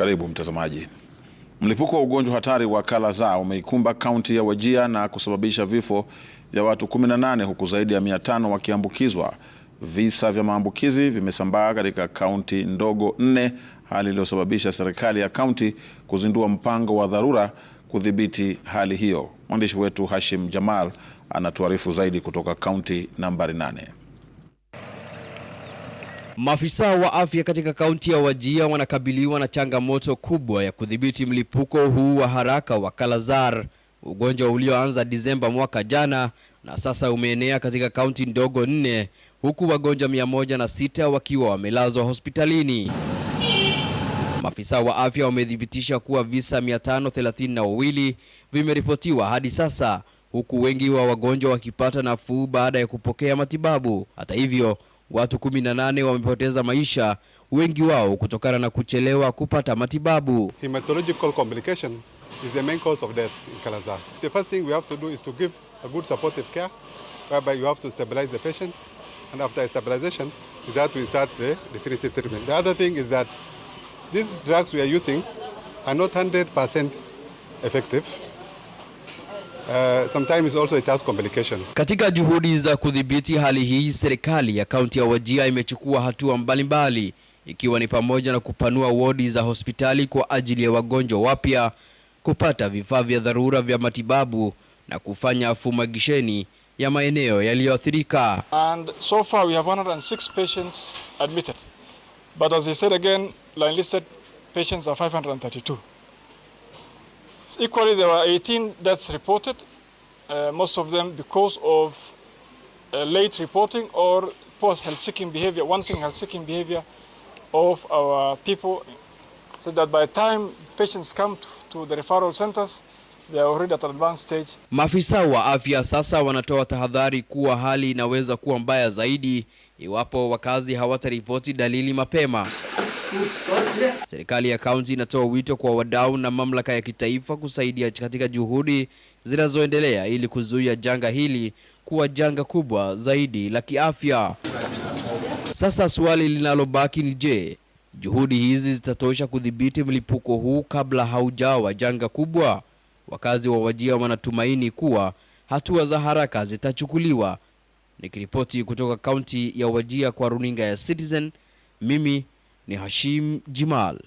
Karibu mtazamaji. Mlipuko wa ugonjwa hatari wa kala umeikumba kaunti ya wajia na kusababisha vifo vya watu 18 huku zaidi ya 500 wakiambukizwa. Visa vya maambukizi vimesambaa katika kaunti ndogo nne, hali iliyosababisha serikali ya kaunti kuzindua mpango wa dharura kudhibiti hali hiyo. Mwandishi wetu Hashim Jamal anatuarifu zaidi kutoka kaunti nambari 8. Maafisa wa afya katika kaunti ya Wajia wanakabiliwa na changamoto kubwa ya kudhibiti mlipuko huu wa haraka wa kalazar ugonjwa ulioanza Disemba mwaka jana na sasa umeenea katika kaunti ndogo nne, huku wagonjwa mia moja na sita wakiwa wamelazwa hospitalini. Maafisa wa afya wamethibitisha kuwa visa 532 vimeripotiwa hadi sasa, huku wengi wa wagonjwa wakipata nafuu baada ya kupokea matibabu. Hata hivyo watu kumi na nane wamepoteza maisha, wengi wao kutokana na kuchelewa kupata matibabu. Hematological complication is the main cause of death in Kalazar. The first thing we have to do is to give a good supportive care whereby you have to stabilize the patient and after stabilization is that we start the definitive treatment. The other thing is that these drugs we are using are not 100% effective. Uh, sometimes also it has complication. Katika juhudi za kudhibiti hali hii, serikali ya kaunti ya Wajia imechukua hatua mbalimbali ikiwa ni pamoja na kupanua wodi za hospitali kwa ajili ya wagonjwa wapya, kupata vifaa vya dharura vya matibabu na kufanya fumagisheni ya maeneo yaliyoathirika. And so far we have 106 patients admitted. But as I said again, patients are 532. Equally, there are 18 deaths reported, uh, most of them because of uh, late reporting or poor health-seeking behavior, wanting health-seeking behavior of our people, so that by the time patients come to, to the referral centers, they are already at advanced stage. Maafisa wa afya sasa wanatoa tahadhari kuwa hali inaweza kuwa mbaya zaidi iwapo wakazi hawataripoti dalili mapema. Serikali ya kaunti inatoa wito kwa wadau na mamlaka ya kitaifa kusaidia katika juhudi zinazoendelea ili kuzuia janga hili kuwa janga kubwa zaidi la kiafya. Sasa swali linalobaki ni je, juhudi hizi zitatosha kudhibiti mlipuko huu kabla haujawa janga kubwa? Wakazi wa Wajia wanatumaini kuwa hatua za haraka zitachukuliwa. Nikiripoti kutoka kaunti ya Wajia kwa runinga ya Citizen, mimi ni Hashim Jimal.